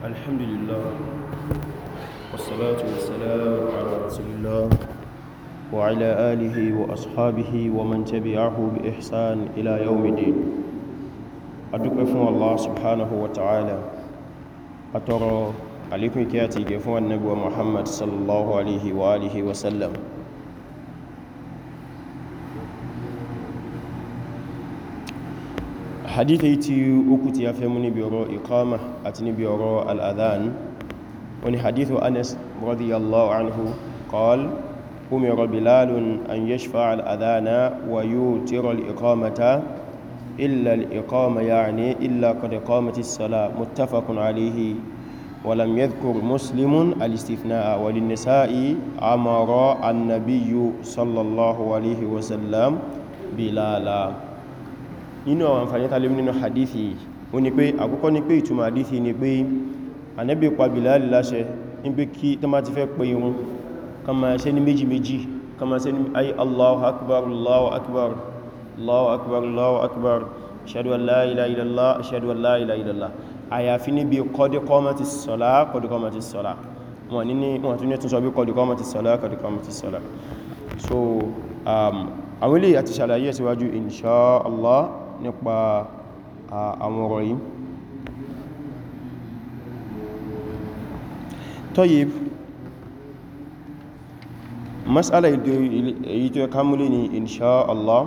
الحمد لله والصلاة والسلام على رسول الله وعلى آله وأصحابه ومن تبعه بإحسان إلى يوم الدين adúpẹ́ fún Allah subhanahu wa ta'ala atọrọ alikun kí a ti gẹ fún annabuwa Muhammad sallallahu alaihi wa alihi wasallam hadith èyí tí ó kù tí a fẹ́ mú níbi ọ̀rọ̀ iqama àti níbi ọ̀rọ̀ al'adhan wani hadithu anas radiyallahu anhu qal umira bilalun an yashfa al'adhana wa yutira al'iqamata illa al'iqama ya'ni illa qad qamati as-salah muttafaqun alayhi ولم يذكر مسلم الاستثناء وللنساء أمر النبي صلى الله عليه وسلم بلالا nínú àwọn àǹfààní tá lè mú nínú hadithi yìí ó ní pé àkọ́kọ́ ní pé ìtumọ̀ hadithi ni pé Ànábì pa Bilal láṣẹ ní pé kí tó máa ti fẹ́ pè wọn ká máa ṣe ní méjì méjì ká máa ṣe ní ayi Allahu akbar Allahu akbar Allahu akbar Allahu akbar ashhadu an la ilaha illallah ashhadu an la so um, àwọn ilé àti ṣàlàyé síwájú insha Allah nípa àwọn ọ̀rọ̀ yìí tọ́yìb masala èyí tó ká múlé ní inṣá Allah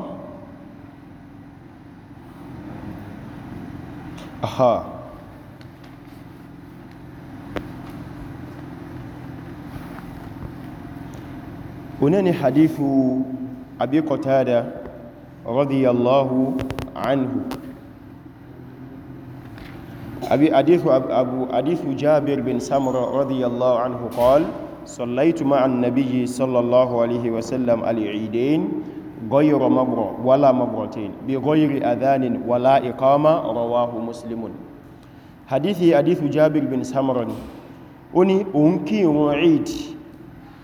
aha oní ni hadithu Abi Qatada radiyallahu anhu abi hadithu abu hadithu jabir bin samura radiyallahu anhu qala صليت مع النبي صلى الله عليه وسلم العيدين غير مبرو ولا مبرتين بغير أذان ولا إقامة رواه مسلم حديثي حديث جابر بن سمران أني أنكي وعيد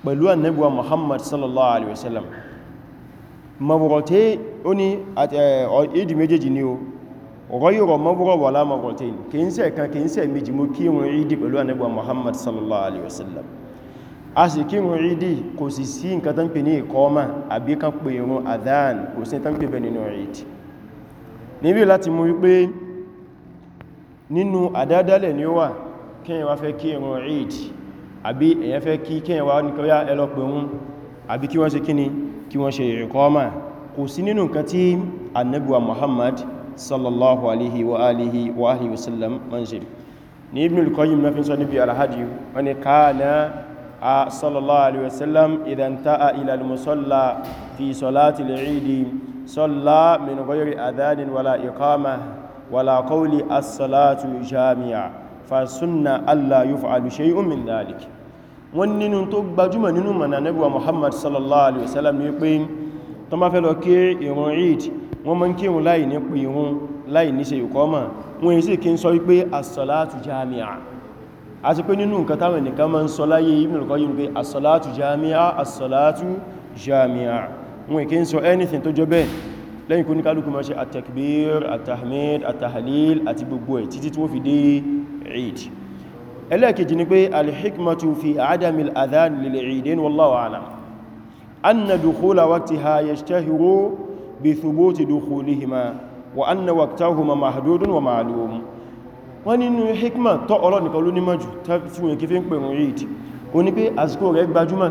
بلوى النبوة محمد صلى الله عليه وسلم mọ̀bùrọ̀tẹ́ ó ní ìdí méjèèjì ni o rọ́yìnrọ̀ mọ́bùrọ̀ wà lá mọ̀bùrọ̀tẹ́ kìí ṣe kan kìí ṣe méjì mú kírun ìdí pẹ̀lú ànábì Muhammad sallallahu alaihi wasallam a sì kírun ìdí kò sì sí nǹkan tán pè ní ìkọ́ọ́mà àbí kan pè irun adhan ni ó wà kíyàn wá fẹ́ kírun ìdí àbí èyàn fẹ́ kí kíyàn wá ní kọ́yá kí wọ́n ṣe ìkọ́mà kò sí nínú nǹkan tí annabuwa muhammad sallallahu alaihi wa alihi wa alihi wasallam man ṣe ní ibn al-qayyim na fi sọ níbi alhaji wani kana a sallallahu alaihi wasallam idan ta'a ila al-musalla fi salati al-eid salla min ghayri adhanin wala iqama wala qawli as-salatu jami'a fa sunna alla yuf'alu shay'un min dhalika wọ́n nínú tó gbajúmọ̀ nínú mọ̀nà nẹ́bíwa Muhammad sallallahu alaihi wasallam ní pé tó má fẹ́ lọ kí ìrun eid wọ́n mọ́ ń kírun láì ní pè ìrun láì ní ṣe ìkọ́mà wọ́n yìí sì kí jami'a a ti pé anything tó jọ lẹ́yìn kó ní kálukú máa ṣe at-takbir at àti gbogbo ẹ̀ títí tí wọ́n fi dé eid ẹlẹ́ẹ̀kejì ni pé alhikmatu fi adami al'adhan lil'idin wallahu alam anna dukhula waqtiha yashtahiru bi thubuti dukhulihima wa anna waqtahuma mahdudun wa ma'lum wọ́n nínú hikma tó ọ̀rọ̀ nìkan ló nímọ̀ jù tí wọ́n kí fi ń pè rún ríìdì o ní pé àsìkò rẹ̀ gbajúmọ̀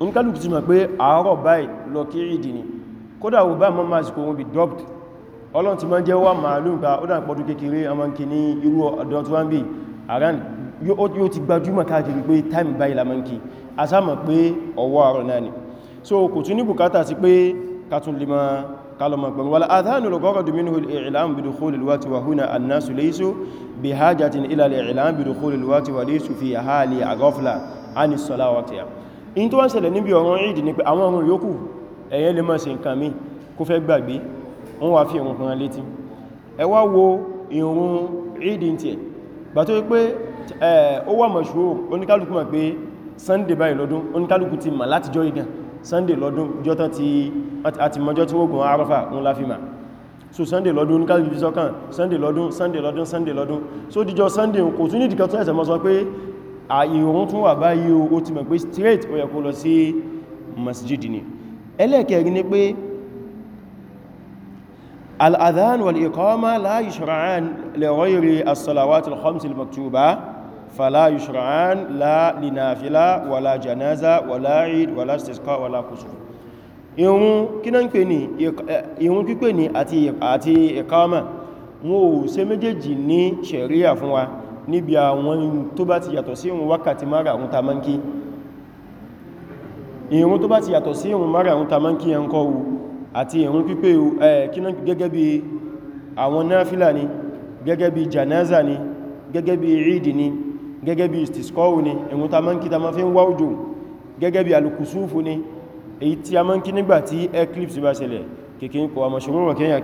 ń kálùkù ti mọ̀ pé àárọ̀ báyìí lọ kí ríìdì ni kódà wọ́n bá mọ́ máa àsìkò wọn bí dọ́pt ọlọ́n ti máa jẹ́ wà màálù gba ó dà pọ̀dù kékeré aran yóò ti gbajúmọ̀ káàkiri pé time by lamanki a sáàmà pé ọwọ́ àrọ̀ náà ni so kò tún ní bùkátà sí pé katun lima kalọ̀mọ̀ pẹ̀lú wala adhanu lọ́gọ́rọ̀ dominu ìrìlám bidu kólìlwàtí wa húnà annasu laisu bi hajjatin ilal ìrìlám bidu kólìlwàtí wa laisu fi hali agọ́fla anisola watiya in tó wá ṣẹlẹ̀ níbi ọ̀rọ̀ ìdí ni pé àwọn ọ̀rọ̀ yòókù ẹ̀yẹn lè máa ṣe nǹkan mi gbà tó wípé ó wà mọ̀ṣù oníkálùkù mọ̀ pé sunday báyìí lọ́dún oníkálùkù ti mà látijọ́ igan sunday lọ́dún jọta ti àti mọ́jọ́ tí wógun arafa wọn láfi mà so sunday lọ́dún oníkálùkù fi sọ́kàn sunday lọ́dún sunday lọ́dún sunday lọ́dún so díjọ sunday kò tún nídìí kan tún ẹ̀sẹ̀ mọ́ sọ pé ìrun straight ó yẹ kó lọ الأذان والإقامة لا يشرعان لغير الصلوات الخمس المكتوبة فلا يشرعان لا لنافلة ولا جنازة ولا عيد ولا استسقاء ولا كسوف ìrun kí náà ń pè ní ìrun pípè ní àti ìkámà wọn ò ṣe méjèèjì ní ṣẹ̀ríà fún wa níbi àwọn tó bá ti yàtọ̀ sí ìrun wákàtí mara àwọn tamanki ìrun tó bá ti yàtọ̀ sí ìrun mara àwọn tamanki ẹnkọ́ wu àti ìrun pípé kíná gẹ́gẹ́ bí àwọn náfílà ni gẹ́gẹ́ bí janaza ni gẹ́gẹ́ bí ìdì ni gẹ́gẹ́ bí istisqa'u ni ìrun ta mọ́ ń kí ta mọ́ fi ń wá òjò gẹ́gẹ́ bí alùkùsúfù ni èyí tí a mọ́ ń kí nígbà tí eclipse bá ṣẹlẹ̀ kìkín kò àmọ̀ṣòrò kíyà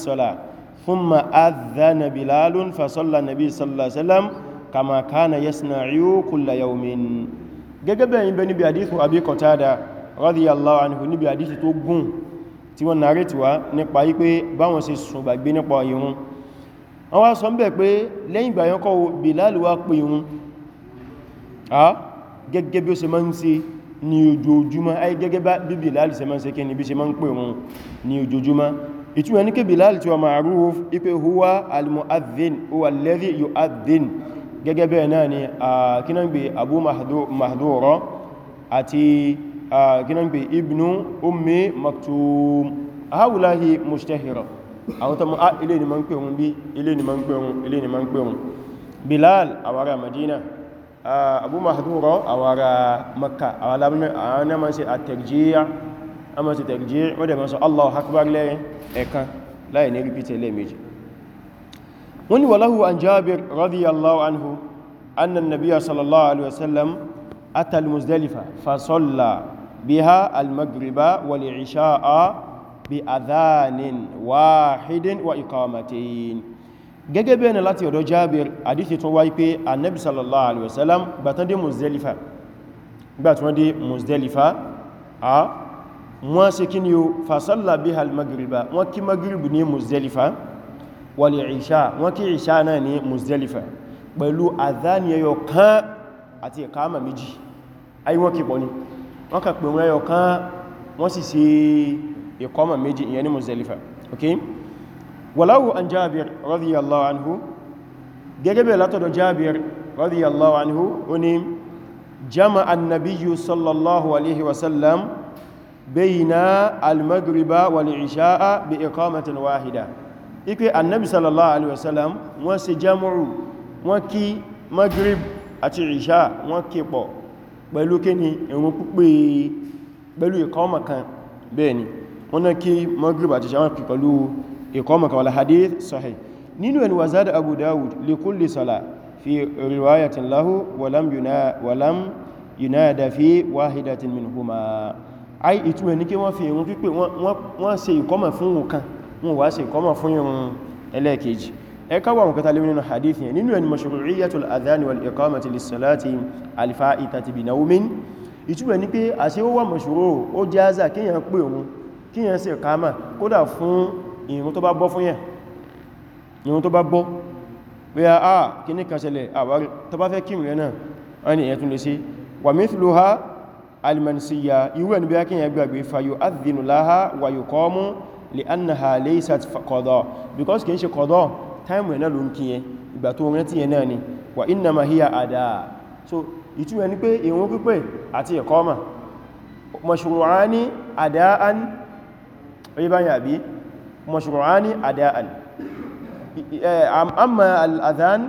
pé ثم أذن بلال فصلى النبي صلى الله عليه وسلم كما كان يصنع كل يوم gẹ́gẹ́ bẹ̀yìn bẹ níbi àdíthù Abi Qatada radiyallahu anhu níbi àdíthù tó gùn tí wọ́n nàárẹ̀ tí wá nípa yí pé báwọn ṣe sùn gbàgbé nípa ìrun wọ́n wá sọ ń bẹ̀ pé lẹ́yìn ìgbà yẹn kọ́ Bilal wá pè ìrun gẹ́gẹ́ bí ó ṣe máa ń ṣe ní ojoojúmọ́ ìtú ẹni kí Bilal tí wa ma'ruf ipé huwa al-mu'adhdhin huwa alladhi yu'adhdhin gẹ́gẹ́ bẹ́ẹ̀ náà ni kínàgbé Abu Mahdura àti kínàgbé ibnu Ummi Maktum haulahi mushtahira àwọn tàbí ilé ni ma ń pè wọn bí ilé ni ma ń pè wọn ilé ni ma ń pè Bilal àwárá Madina Abu Mahdura àwárá Makka àwọn alábìnrin a ma ṣe takbir wọ́n dẹ̀ ma sọ Allahu akbar lẹ́rin ẹ̀kan láì ní rípítẹ̀ lẹ́ẹ̀mejì wọ́n ni walahu an Jabir radiyallahu anhu annan nabiya sallallahu alaihi wasallam atal Muzdalifa fa salla biha al-maghriba wal isha'a bi adhanin wahidin wa iqamatayn gẹ́gẹ́ bẹ́ẹ̀ ni láti ọ̀dọ̀ Jabir àdíṣẹ́ tún wáyé pé annabi sallallahu gbàtán dé Muzdalifa gbàtán dé Muzdalifa a wọ́n ṣe kí ni o fasalla biha al-maghriba wọ́n kí maghrib ní muzdalifa wal isha wọ́n kí isha náà ní muzdalifa pẹ̀lú àdániyẹyọ kan àti ìkáàmà méjì ayi wọ́n kí pọ̀ ní wọ́n kà pè wọ́n yọ kan wọ́n sì ṣe ìkọ́mà méjì ìyẹn ní muzdalifa ok walahu an jabir radiyallahu anhu gẹ́gẹ́ bẹ̀ látọ̀dọ̀ jabir radiyallahu anhu ó ní jama'a annabiyyu sallallahu alaihi wasallam بين المغرب والعشاء بإقامة واحدة إكي النبي صلى الله عليه وسلم وسي جمعو وكي مغرب àti ìṣà wọ́n kí pọ̀ pẹ̀lú kí ni ìrun púpé pẹ̀lú ìkọ́mọ̀ kan bẹ́ẹ̀ ni wọ́n náà kí maghrib àti ìṣà wọ́n kí pẹ̀lú ìkọ́mọ̀ kan wal hadith sahih nínú ẹni wazada abu dawud ai ìtú ẹni kí wọ́n fi ìrun pípé wọ́n ṣe ìkọ́mọ̀ fún òkan wọ́n wá ṣe ìkọ́mọ̀ fún ìrun ẹlẹ́ẹ̀kejì ẹka wà mọ̀kẹta lè nínú hadith yẹn nínú ẹni mashru'iyyatul adhan wal iqamati lis salati al fa'itati bi nawmin ìtú ẹni pé àṣẹ ó wà mashru ó jáza kíyàn pé òun kíyàn ṣe ìkámà kódà fún ìrun tó bá bọ́ fún yẹn ìrun tó bá bọ́ pé almansiya irú ẹni bí a kíyàn gbàgbé fayo adìnú láha wà yóò kọ́ mú lè annaha laysat qada because kìí ṣe qada time náà ló ń kíyẹ ìgbà tó rántí yẹn náà ni wà innama hiya àdá so ìtumọ̀ ni pé ìrun pípẹ́ àti iqama mashru'ani ada'an oye bá yà bí mashru'ani ada'an amma al-adhan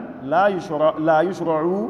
la yushra'u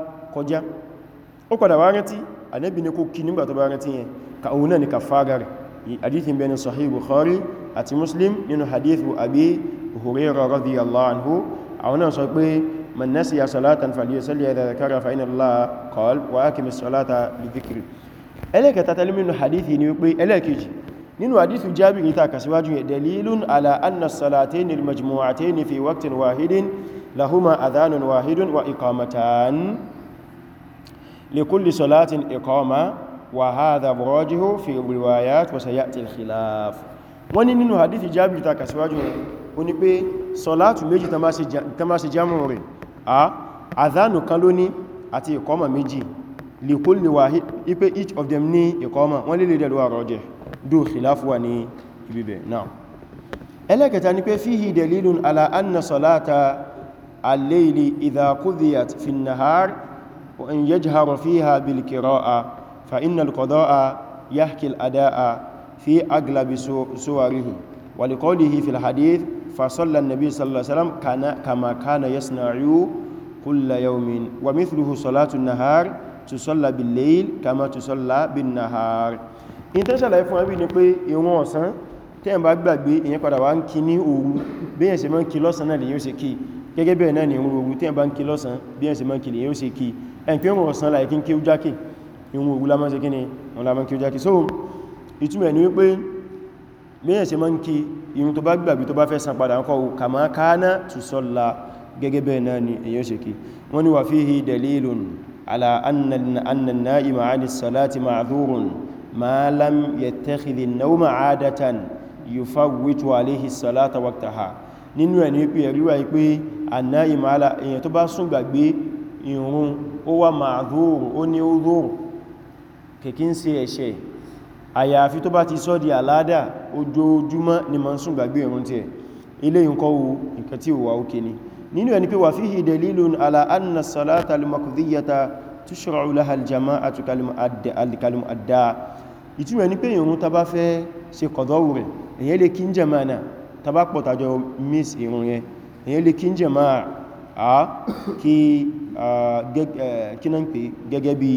kọjá ó padà wá rántí ànábì ní kó kí nígbà tó bá rántí yẹn ka òun náà ni ka fara rẹ̀ hadithin bẹni sahih bukhari àti muslim nínú hadithu abi hurairah radiyallahu anhu àwọn náà sọ pé man nasiya salatan falyusalli idha dhakara fa inna allaha qala wa aqimis salata li dhikri ẹlẹ́kẹta tẹ́lú nínú hadithi ni wípé ẹlẹ́kẹjì nínú hadithu jabiri ta kàsíwájú yẹ dalilun ala anna salataini al majmu'ataini fi waqtin wahidin lahuma adhanun wahidun wa iqamatan لكل صلاة إقامة وهذا براجه في الروايات وسيأتي الخلاف wọ́n ní nínú hadithi jábìrì ta kàsíwájú rẹ̀ o ní pé sọ́látù méjì ta máa ṣe jámù rẹ̀ a àdánù kan ló ní àti ìkọ́mà méjì lèkó wà each of them ní ìkọ́mà wọ́n lè lè dẹ̀lúwà rọ́jẹ̀ dó khilafuwa ní ibibẹ̀ náà ẹlẹ́kẹta ni pé fíhì dalilun ala anna sọ́látà al وإن يجهر فيها بالكراءة فإن القضاء يحكي الأداء في أغلب سواره ولقوله في الحديث فصلى النبي صلى الله عليه وسلم كان كما كان يصنع كل يوم ومثله صلاة النهار تصلى بالليل كما تصلى بالنهار in tẹ́ ṣàlàyé fún àbí ní pé ìwọ̀n ọ̀sán tẹ́ ń bá gbàgbé ìyẹn padà wá ń kí ní òru bí ẹ̀ṣẹ̀ mọ́ kí lọ́sàn náà lè yíó ṣe kí gẹ́gẹ́ bẹ̀rẹ̀ náà ni òru tẹ́ ń ń kí lọ́sàn bí ẹ̀ṣẹ̀ mọ́ kí lè yíó ṣe kí ẹn pé wọn ọ̀sán láì kí n kí ó jákè ìwọ̀n òwú lámọ́ sí kí ni wọn lámọ́ kí ó jákè so ìtumẹ̀ ni wípé lẹ́yìn ṣe máa ń kí irun tó bá gbàgbé tó bá fẹ́ san padà ńkọ́ kàmá káánà tù sọ́la gẹ́gẹ́ bẹ́ẹ̀ náà ni èyàn ṣe kí wọ́n ni wà fihi dalilun ala anna an-na'ima 'ani s-salati ma'dhurun ma lam yattakhidhi an-nawma 'adatan yufawwitu 'alayhi s-salata waqtaha nínú ẹ̀ ní pé ẹ̀rí wà pé an-na'ima 'ala èyàn tó bá sùn gbàgbé ìrun ó wà ma'dhur ó ní udhur kìkí ń ṣe ẹ̀ṣẹ̀ àyàfi tó bá ti sọ́ di àládà ojoojúmọ́ ni ma ń sùn gbàgbé ìrun tí ẹ̀ ilé ìkọ́ wo nǹkan tí ó wà òkè ni nínú ẹni pé wà fihi dalilun ala anna salata al-maqdiyata tushra'u laha al-jama'atu al-kalim adda ìtumọ̀ ni pé ìrun ta bá fẹ́ ṣe qada'u rẹ̀ èyàn lè kí ń jama'a náà ta bá pọ̀tàjọ miss ìrun yẹn èyàn lè kí ń jama'a a kí kínan pé gẹ́gẹ́ bí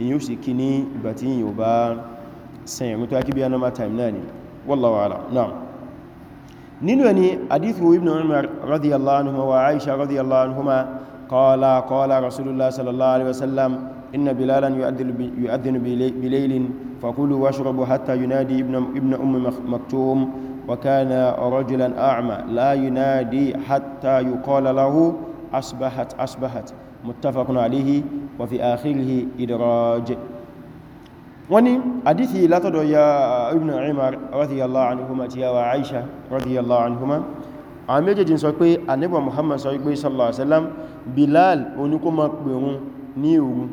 èyàn sì kí ní ìgbà tí yíò bá sẹ́yìn mú tó akíbí ya normal time náà ni wallahu a'lam náà nínú ẹni hadithu ibn umar radiyallahu anhu wa aisha radiyallahu anhuma qala qala rasulullah sallallahu alaihi wasallam hatta yunadi ibn asbahat asbahat muttafaqun alayhi wa fi akhirihi idraj wọ́n ní hadithi látọ̀dọ̀ ya ibn Umar radiyallahu anhuma ti yawa Aisha radiyallahu anhuma àwọn méjèèjì sọ pé ànábì Muhammad sọ pé sallallahu alaihi wasallam Bilal oníkó ma pèrún ní òru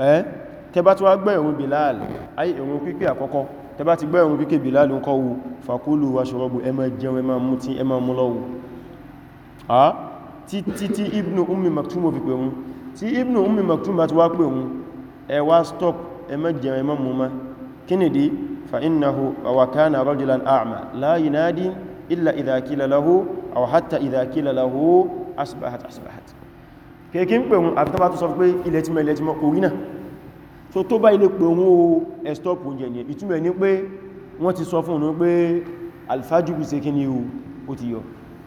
ẹ́ tẹbá tí wá gbọ́ ìrun Bilal ayé ìrun pípé àkọ́kọ́ tẹbá ti gbọ́ ìrun pípé Bilal ń wu fakulu washrabu ẹ máa jẹun ẹ máa mutí ẹ máa mú lọ́wọ́ títí tí ibnu ummi maktum ò fi pè wọn tí ibnu ummi maktum bá ti wá pè wọn ẹ wá stop ẹ má jẹun ẹ má mú ma kí ni di fa innahu aw kana rajulan a'ma la yunadi illa idha qila lahu aw hatta idha qila lahu asbahat asbahat kèkí ń pè wọn àti tó bá tó sọ pé ilẹ̀ tí mọ̀ ilẹ̀ tí mọ̀ orí náà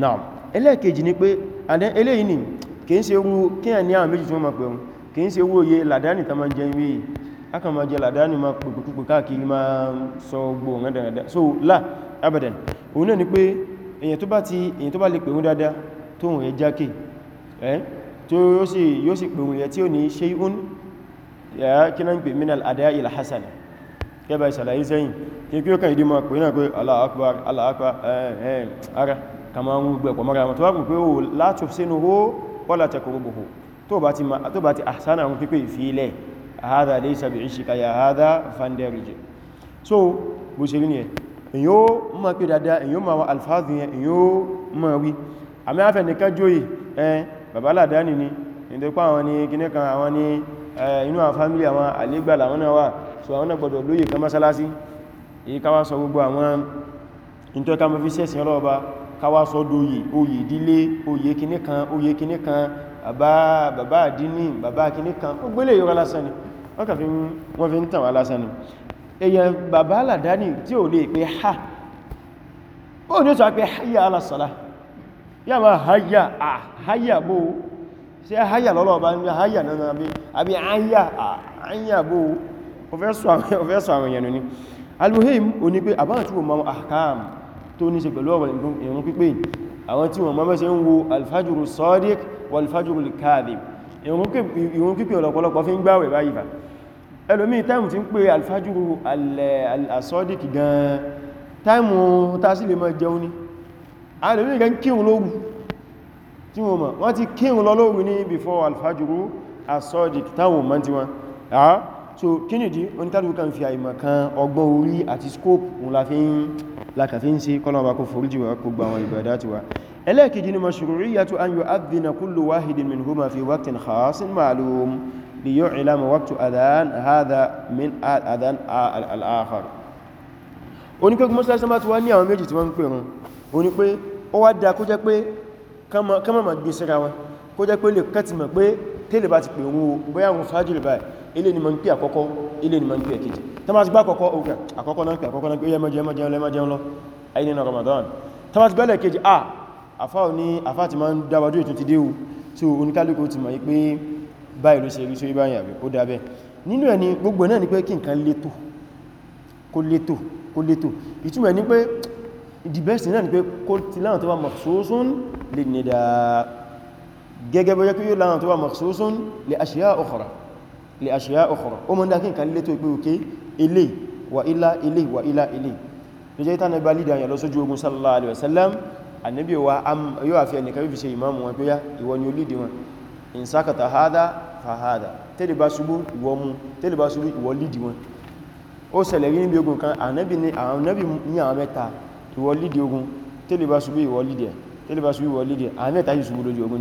náà ẹlẹ́ẹ̀kejì ni pé àdẹ́ eléyìí ni kìí ṣe owó kí ẹ̀ ní àwọn méjì tí wọ́n ma pè wọn kìí se owó oye làdáni ta ma jẹ ìwé aka ma jẹ làdáni ma pèpèpè káàkiri ma sọ gbò rẹ̀dẹ̀rẹ̀dẹ̀ so la abadan òun náà ni pé èyàn tó bá ti èyàn tó bá lè pè wọn dáadáa tó wọn yẹ jákè ẹ́ tó yóò sì pè wọn yẹ tí ó ní ṣe un yà kí náà ń pè minal adá ilà hasana kẹba ìsàlàyé sẹ́yìn kí kí ó kàn ìdí ma pè náà pé Allahu akbar Allahu ara kama ń gbogbo mara mọ́ra tó bá kù pé ó látò sínú hó wọ́la tẹkùrùgbòhò tó bá ti àsánà àwọn pípé ìfilẹ̀ àhádà lè sàbì ìṣìkà ya àhádà fanderije so bó ṣe rí ni ẹ̀ èyí ó mọ́ pé dáadáa èyí ó ma wa alfáàdù yẹn èyí ó mọ́ wí àmì afẹ́ nìkan jóyè ẹn bàbá làdáni ni inú àwọn fámílì àwọn àlégbà làwọn náà wà so àwọn náà gbọdọ̀ lóye kan mọ́sálásí èyí káwá sọ gbogbo àwọn ìtọ́ka mọ́ fi sẹ́sìn ọlọ́ọ̀ba káwá sọ́dọ̀ oyè oyè ìdílé oyè kìíní kan oyè kìíní kan bàbá àdínì bàbá kìíní kan ó gbélé yóò lásán ni wọ́n kàfí wọ́n fi ń tàn wá lásán ni èyàn bàbá aládání tí ò lè pé ha ó ní sọ pé hayya alásàlá yà máa hayya à hayya bó ṣe hayya lọ́lọ́ bá ní hayya náà àbí hayya à hayya bó ọfẹ́ sọ àwọn èèyàn ni almuhim ò ní pé àbáwọn tí wọ́n mọ́ ahkam tó ní ṣe pẹ̀lú ọ̀rọ̀ ìrun pípé àwọn tí wọ́n mọ́ mẹ́sẹ̀ ń wo alfajuru sadiq wal alfajuru kadhib ìrun pípé ọ̀lọ̀pọ̀lọpọ̀ fi ń gbáwẹ̀ báyìí fà ẹlòmí táìmù ti ń pè alfajuru al-sadiq gan táìmù ta sí lè mọ́ jẹun ni before alfajuru al-sadiq táwọn mọ́ ti so kínìdí oníkàlùkù kan fi àìmọ̀ kan ọgbọ́n orí àti scope òun lákàfí ń sí kọ́lọ̀wà kó foríjì wà kó gba àwọn ìbàdá ti wà ẹlẹ́ẹ̀kejì ni mashru'iyyatu fi waqtin khasin ma'lum li yu'lama waqtu adhan hadha min adhan ti wá ní àwọn méjì tí wọ́n gbé síra wọn kó jẹ́ pé lè kẹ́tìmọ̀ pé tẹ́lẹ̀ bá ti pè rún bóyá wọn fàájì rẹ̀ báyìí ilé ni mo ń pè àkọ́kọ́ ilé ni mo ń pè ẹ̀kejì tó bá ti gbá àkọ́kọ́ ogun àkọ́kọ́ náà pè àkọ́kọ́ náà pé yẹmọ jẹun lọ yẹmọ jẹun lọ ayé nínú Ramadan tó bá ti gbẹ́lẹ̀ kejì à àfá ò ní àfá ti máa ń dáwàjú ètò ti dé o tí oníkálùkù ti mọ̀ pé báyìí ló ṣe rí sórí báyìí àbí ó dábẹ́ nínú ẹ̀ ni gbogbo náà ni kí nǹkan láwọn tó wà makhsusun lè lè ashya ukhra lè àṣíyá ọ̀kọ̀rọ̀ ó mọ́ dákí nǹkan létò pé òkè ilé wà ilá ilé wà ilá ilé tó jẹ́ ìtànà bá lídà yà lọ sójú ogun sallallahu alaihi wasallam annabi wa yóò àfi ẹnìkan yóò fi ṣe imamu wọn pé yá ìwọ ni ó lídì wọn in sakata hada fa hada tẹ́lẹ̀ bá ṣubú ìwọ mú tẹ́lẹ̀ bá ṣubú ìwọ lídì wọn ó ṣẹlẹ̀ rí níbi ogun kan annabi ni àwọn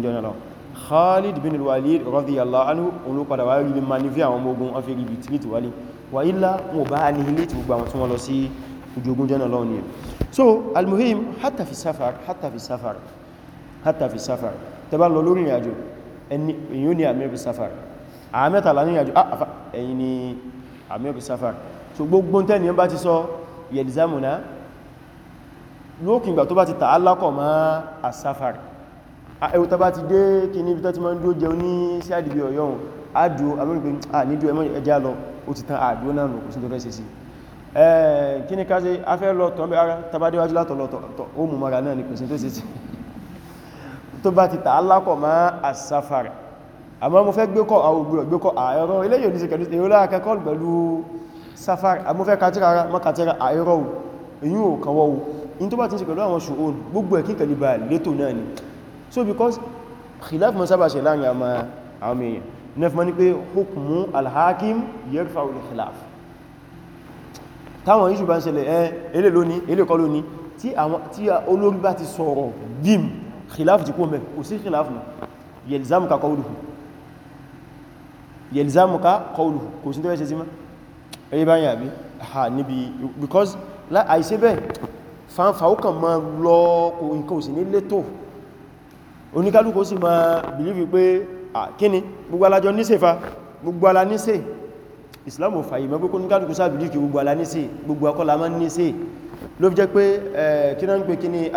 mẹ́ta Khalid bin al-Walid radiyallahu anhu òun ló padà wá rí manivir àwọn ọmọ ogun afẹ́rí ibi tí nítorí wálé wà ílá wọn bá ní ilé tí gbogbo àwọn tí wọ́n lọ sí ojú ogun jẹ́ ni so al-muhim hatta fi safar hatta fi safar hatta fi safar tẹbá lọ lórí ìrìnàjò èyí ó ní àmẹ́bì safar àmẹ́ta lá nírìnàjò ah, ẹ̀yìn ni àmẹ́bì safar so gbogbo tẹ́ni bá ti sọ yẹ̀dìzámùná lókìngbà tó bá ti tààlákọ̀ mọ́ àsáfàrì ẹwù ah, tàbá ti dé kí ní ibi tó ti máa ń dúó jẹun ní sí àdìbí ọ̀yọ́ òun àdó amúrùgbé àníjú ẹmọ́ ẹjá lọ ó ti tán àdó náà nù kò sí tó fẹ́ ṣe sí eh, kí ní ká ṣe afẹ́ lọ tọ́ bẹ́ ara tàbá déwájú látọ̀ lọ tọ̀ ó mú mara náà ní kò sí tó ṣe sí tó bá ti tà á lákọ̀ mọ́ àsáfàrà àmọ́ mo fẹ́ gbé kọ́ àwọn ògbúrọ̀ gbé kọ́ àárọ̀ eléyìí oníṣe kẹ̀lú èrò lára kẹ́kọ́ pẹ̀lú sáfàrà àmọ́ fẹ́ kàtíra ara mọ́ kàtíra àárọ̀ èyí ò kọwọ́ in tó bá ti ń ṣe pẹ̀lú àwọn ṣòhún gbogbo so because khilaf man sábà ṣe láàrin àwọn èèyàn nefman ni pé hukmu alhakim yarfa ul khilaf táwọn iṣu bá ń ṣẹlẹ̀ ẹ elé lóní elé kọ́ lóní tí olórí bá ti sọ̀rọ̀ bim khilaf ti kó mẹ́ kò sí khilaf mẹ́ yelzamuka qawluhu yelzamuka qawluhu kò sí tẹ́wẹ́ ṣe sí mẹ́ ẹyẹ báyìí àbí ha níbi because àìṣẹ́bẹ̀ fanfa ó kàn máa lọ kò nǹkan òsì ní létò oníkálùkù sì máa bìlífì pé kíni gbogbo alájọ níṣe fa gbogbo alá níṣe islamu fàyí mọ́ gbogbo oníkálùkù sáà bìlífì gbogbo alá níṣe gbogbo akọ́lá máa níṣe ló fi jẹ́ pé kí náà ń pè kí nìdí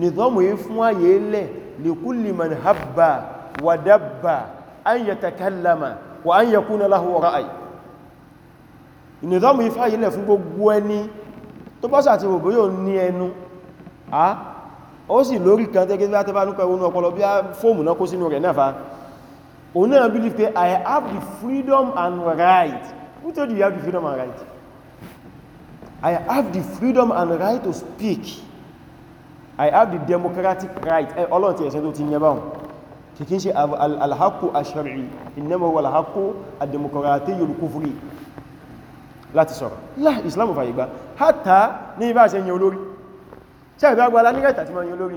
nìdọ́mù yí wa an yakuna lahu ra'ayi ìnìdọ́mù ifá ilẹ̀ fún gbogbo ẹni tó bọ́sà ti wò bóyò ní ẹnu a ó sì lórí kan tẹ́gẹ́ bí atẹ́bá nípa ìwọ̀n ọpọlọ bí a fóòmù náà kó sínú rẹ̀ náà òun náà believe pé I have the freedom and right who told you have the freedom and right I have the freedom and right to speak I have the democratic right ọlọ́run ti ẹ̀sẹ̀ tó ti yẹ báhùn kìkín ṣe alhaku ashari innama huwa alhaku ademokratiyyul kufri láti sọ̀rọ̀ láà islam fàyè gbà hátà ní ibá ṣe yìn olórí ṣe ìbá gbà alámi right àti ma yìn olórí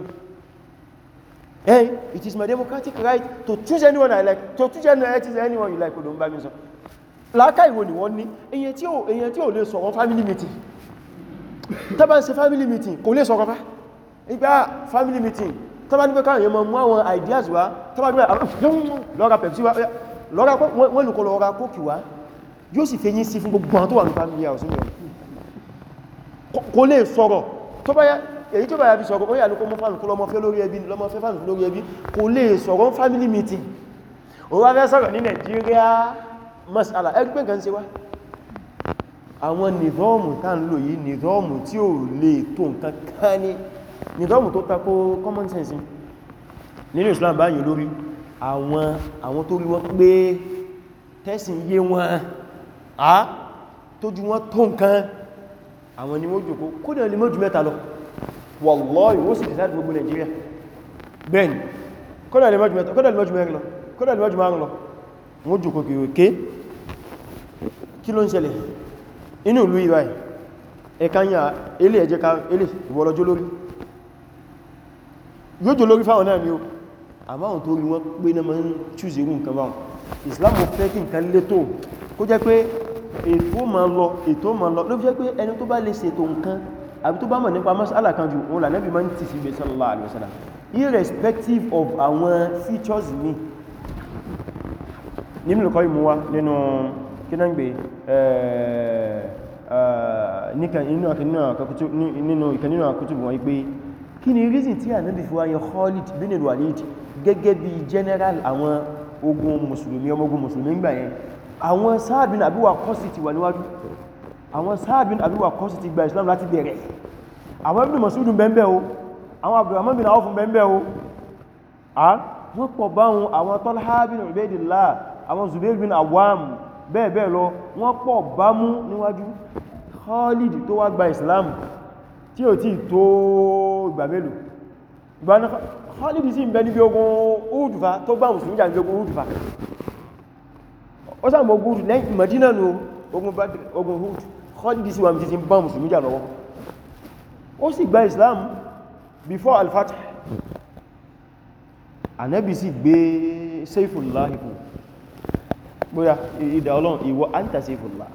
hey it is my democratic right to choose anyone I like to choose anyone I choose anyone you like kò ló ń bá mi sọ láàká ìwò ni wọ́n ní èyàn tí ò lè sọ̀rọ̀ family meeting tọ́bá ń ṣe family meeting kò lè sọ̀rọ̀ bá ìgbà family meeting tọ́bá ní pé káàkiri mọ̀ mú àwọn ideas wá tọ́bá ní pé ah, lọ́ra pẹ̀lú wá lọ́ra wọ́n lùkọ́ lọ́ra kókì wá yóò sì fèyí sí fún gbogbo àwọn tó wà ní family house ní ọ̀rọ̀ kò lè sọ̀rọ̀ tó bá yá èyí tó bá yá fi sọ̀rọ̀ ó yà ní kó mọ́ fánù kó lọ́mọ fẹ́ lórí ẹbí lọ́mọ fẹ́ fánù lórí ẹbí kò lè sọ̀rọ̀ family meeting ó wá fẹ́ sọ̀rọ̀ ní Nigeria masala ẹgbẹ́ nǹkan ṣe wá àwọn nìdọ́ọ̀mù tá ń lò yìí nìdọ́ọ̀mù tí ò lè tó nǹkan kan ní nìdọ́ọ̀mù tó tako common sense nínú Islam báyìí lórí àwọn àwọn tó rí wọn pé tẹ́sìn yé wọn a tó ju wọ́n tó nǹkan àwọn ni wọ́n jòkó kódà ní mọ́jú mẹ́ta lọ wallahi ó sì decide gbogbo Nigeria bẹ́ẹ̀ni kódà ní mọ́jú mẹ́ta kódà ní mọ́jú mẹ́rin lọ kódà ní mọ́jú márùn lọ wọ́n jòkó kí òkè kí ló ń ṣẹlẹ̀ inú ìlú ìwà ẹ̀kányà ilé ẹ̀jẹ́ ká ilé ìwọ̀lọ́jọ́ lórí yóò jò lórí fáwọn náà ni ó àmáhùn tó rí wọ́n pé náà mọ́ ń chúùsì irú Islam fẹ́ kí nǹkan kó jẹ́ pé ètò ma lọ ètò ma lọ ló fi jẹ́ pé ẹni tó bá lè ṣètò nǹkan àbí tó bá mọ̀ nípa mas'ala kan jù òun lànàbí ma ń tì sí sallallahu alaihi wasallam irrespective of àwọn features mi nílùú kọ́ ìmúwa nínú kínàgbé nínú ìkànnínú àkútùbù wọn pé kí ni reason tí ànábì fi wáyé Khalid bin Walid gẹ́gẹ́ bí general àwọn ogun mùsùlùmí ọmọ ogun mùsùlùmí ń gbà yẹn àwọn Sa'ad bin Abi Waqqas ti wà níwájú àwọn Sa'ad bin Abi Waqqas ti gba Islam láti bẹ̀rẹ̀ àwọn Ibn Mas'ud bẹ́ẹ̀bẹ́ o àwọn Abdurrahman bin Auf bẹ́ẹ̀bẹ́ o a wọ́n pọ̀ báhun àwọn Talha bin Ubaidillah àwọn Zubair bin Awam bẹ́ẹ̀bẹ́ẹ̀ lọ wọ́n pọ̀ bámú níwájú Khalid tó wá gba Islam tí ò tí tó ìgbà mélòó Khalid sì ń bẹ níbi ogun Udufa tó gbà Mùsùlùmí jà ó sáàmù ogun rù lẹ́yìn Madina nù ogun Badr ogun Hud khalidi sí wàmí títí bá musulmi jà lọ́wọ́ ó sì gba Islam before al-Fath Ànábì sì gbé Sayfullah ipò bóyá ìdá ọlọ́run ìwọ anta Sayfullah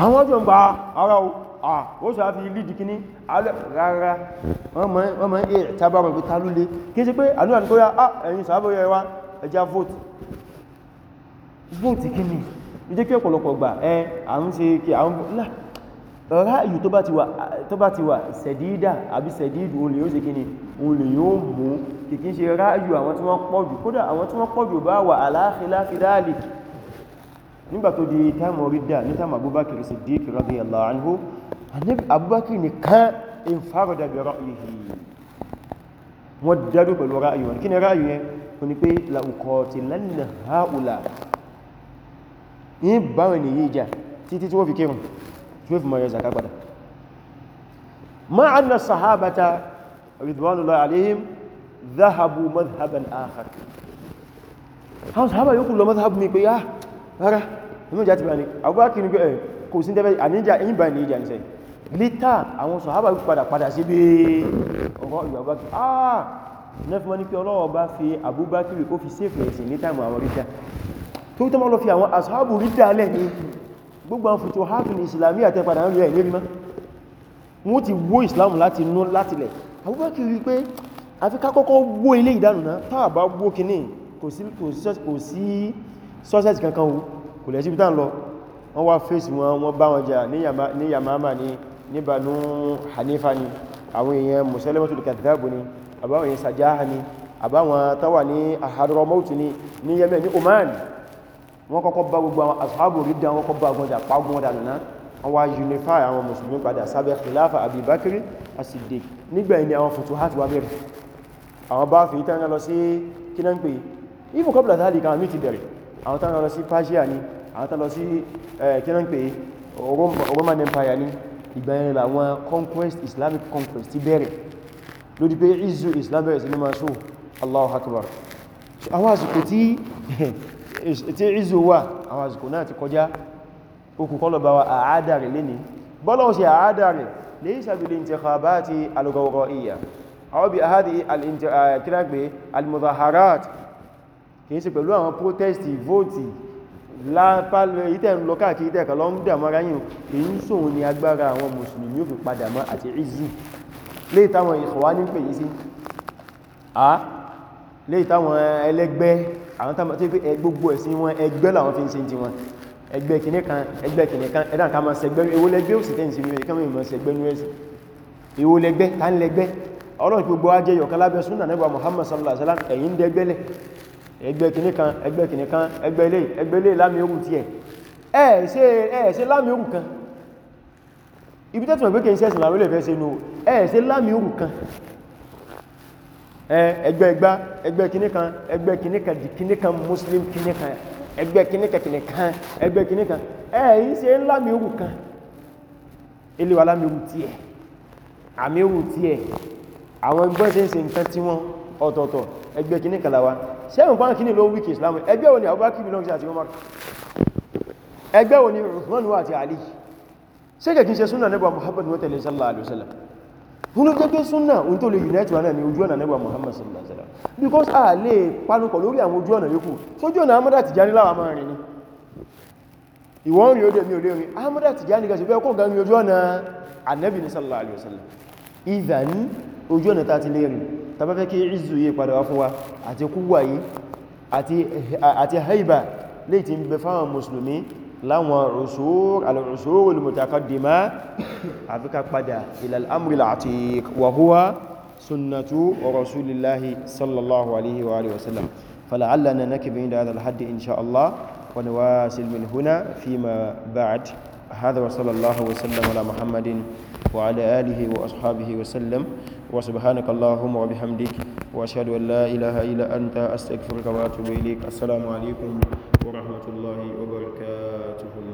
àwọn ọjọ́ ń gba ara o ó sọ àfi ilé ìdíkíní rárá wọ́n mọ̀ ń èèrè tábàrùn ìpítà lúlé kí sí pé àníwà ní kó yá ah, ẹ̀yìn sàábọ̀ yẹ wá ẹjá vote vote kí ni ìjẹ́ kí ọ̀pọ̀lọpọ̀ gbà ẹ àwọn ṣe kí àwọn ráàyù tó bá ti wà sẹ̀dídà àbí sẹ̀dídù olè yóò ṣe kí ni olè yóò mú kìkí ṣe ráàyù àwọn tí wọ́n pọ̀jù kódà àwọn tí wọ́n pọ̀jù bá wà aláàfíláfíláàlì nígbà tó di táìmù rídà ní táìmù Abubakar Siddiq radiyallahu anhu Abubakar nìkan infarada bi ra'yihi wọ́n dárú pẹ̀lú ráàyù wọn kí ni ráàyù yẹn kò yìí báwọn ènìyàn yìí jà títí tí wọ́n fi kírùn tí wọ́n fi mọ̀ yọ zaka padà ma anna sahabata ridwanullahi alaihim dhahabu madhhaban akhar àwọn sahaba yóò kú lọ madhhabu mi pé yá ah, rárá inú ìjà ti bá ní abúbákì ní pé ẹ̀ eh, kò sí tẹ́bẹ̀ àníjà ẹ̀yìn bá ní ìjà ní sẹ́yìn sahaba yóò padà padà sí bí ọ̀rọ̀ ìgbà abúbákì ah nẹ́fẹ́ mọ́ ní pé ọlọ́wọ́ fi abúbákì ó fi séfẹ̀ẹ́sì ní táìmù àwọn rítà tó tó máa lọ fi àwọn asáàbù rí dálẹ̀ ní gbogbo àwọn fòtò hátùn ìsìlámí àtẹ́padà ń rí ẹ̀ lérí má wọ́n ti wó ìsìlámù láti nú látilẹ̀ Abubakar rí pé àfi ká kọ́kọ́ wó ilé ìdánù náà táà bá wó kìíní kò sí sọ́sẹ̀tì kankan kò lẹ́sí bí tán lọ wọ́n wá fèsì wọn wọ́n bá wọn jà ní yamama ní ní Banu Hanifa ni àwọn èèyàn Musailamatul Kadhdhab ni àbáwọn èèyàn Sajaha ni àbáwọn táwà ní Ahadramawt ni ní Yemen ní Oman wọ́n kọ́kọ́ bá gbogbo àwọn asáàbò rí dán wọ́n kọ́ bá gbọ́njà pàgbọ́n dànù náà wọ́n wá unify àwọn mùsùlùmí padà sábẹ́ khilafa abubakiri as-siddiq nígbà ní àwọn futuhat wá bẹ̀rẹ̀ àwọn bá fi tán lọ sí kíná ń pè even kọ́bùlà tààlì kan mí ti bẹ̀rẹ̀ àwọn tán lọ sí persia conquest islamic conquest ti bẹ̀rẹ̀ lódi pé izu islam bẹ̀rẹ̀ sí ní máa so allahu tí ìzò wà àwọn àsìkò náà ti kọjá okùn kọ́ lọ́bàwà àádà rẹ̀ lè ní bọ́lọ̀ sí àádà rẹ̀ lè ìsàbìlì intikhabati al-ghawra'iyya àwọn bí àádì kírágbé al-mudaharat kìí sí pẹ̀lú àwọn protesti vóòtì lápálẹ̀ ìtẹ́ ń lọ káàkiri tẹ́ẹ̀kà lọ ń lè táwọn ẹlẹ́gbẹ́ àwọn tàbí gbogbo ẹ̀sìn wọn ẹgbẹ́ làwọn fi ń ṣe ti wọn ẹgbẹ́ kìíní kan ẹgbẹ́ kìíní kan ẹ̀dà ká máa ṣẹgbẹ́ ewo lẹ́gbẹ́ òsì tẹ́ ìsinmi rẹ̀ káwọn ìmọ̀ ṣẹgbẹ́ ní ẹ̀sìn ewo lẹ́gbẹ́ tá ń lẹ́gbẹ́ ọlọ́run gbogbo ajẹ́ yọ̀kan lábẹ́ súnà nẹ́gbà Muhammad sallallahu alaihi wasallam ẹ̀yìn dẹ́gbẹ́lẹ̀ ẹgbẹ́ kìíní kan ẹgbẹ́ kìíní kan ẹgbẹ́ lè ẹgbẹ́ lè lámì orù tiẹ̀ ẹ̀ ṣe ẹ̀ ṣe lámì orù kan ibi tẹ́tùmọ̀ pé kìí ṣẹ́sìn làwọn ilẹ̀ fẹ́ ṣe nù ẹ̀ ṣe lámì orù ẹgbẹ́ ẹgbá ẹgbẹ́ kìníkan ẹgbẹ́ kìníkan di kìníkan muslim kìníkan ẹgbẹ́ kìníkan kìníkan ẹgbẹ́ kìníkan ẹ̀yí ṣe ń lámìírù kan iléwà lámìírù tí ẹ̀ àmìírù tí ẹ̀ àwọn ẹgbẹ́ ṣe ń ṣe nǹkan tí wọ́n ọ̀tọ̀ọ̀tọ̀ ẹgbẹ́ kìníkan láwa sẹ́wọ̀n pàán kìní ló wíkì islam ẹgbẹ́ wo ni abubakar bin ọjọ́ àti umar ẹgbẹ́ wo ni uthman àti ali ṣé kẹ̀kí ṣe súnà nẹ́bà muhammad wọ́n tẹ̀lé sallallahu alaihi nínú gẹ́gẹ́ súnnà ohun tó lè unite wa náà ni ojú ọ̀nà nẹ́gbà Muhammad sallallahu alaihi wasallam because a lè panukọ̀ lórí àwọn ojú ọ̀nà yòókù ojú ọ̀nà amọ́dá Tijani láwà máa rìn ní ìwọ̀n rí odè mi ò lè rìn amọ́dá Tijani gẹ́sì bẹ́ẹ̀ kó gan ní ojú ọ̀nà anẹ́bì ní sallallahu alaihi wasallam ìdàn ojú ọ̀nà tàti lè rìn tàbá fẹ́ kí ìzù yìí padà wá fún wa àti kúwà yìí àti haiba láwọn usur al-usur al-mutaqaddima àfikà padà ila al-amr al-atiq wa sunnatu rasulillahi sallallahu alaihi wa alihi wasallam fala'allana na inda hadha al-hadd insha Allah wa nawasil min huna fima ba'd hadha wa sallallahu wa sallam ala muhammadin wa ala alihi wa ashabihi wa sallam wa subhanaka allahumma wa bihamdik wa ashhadu an la ilaha illa anta astaghfiruka wa atubu ilaik assalamu alaikum ورحمة الله وبركاته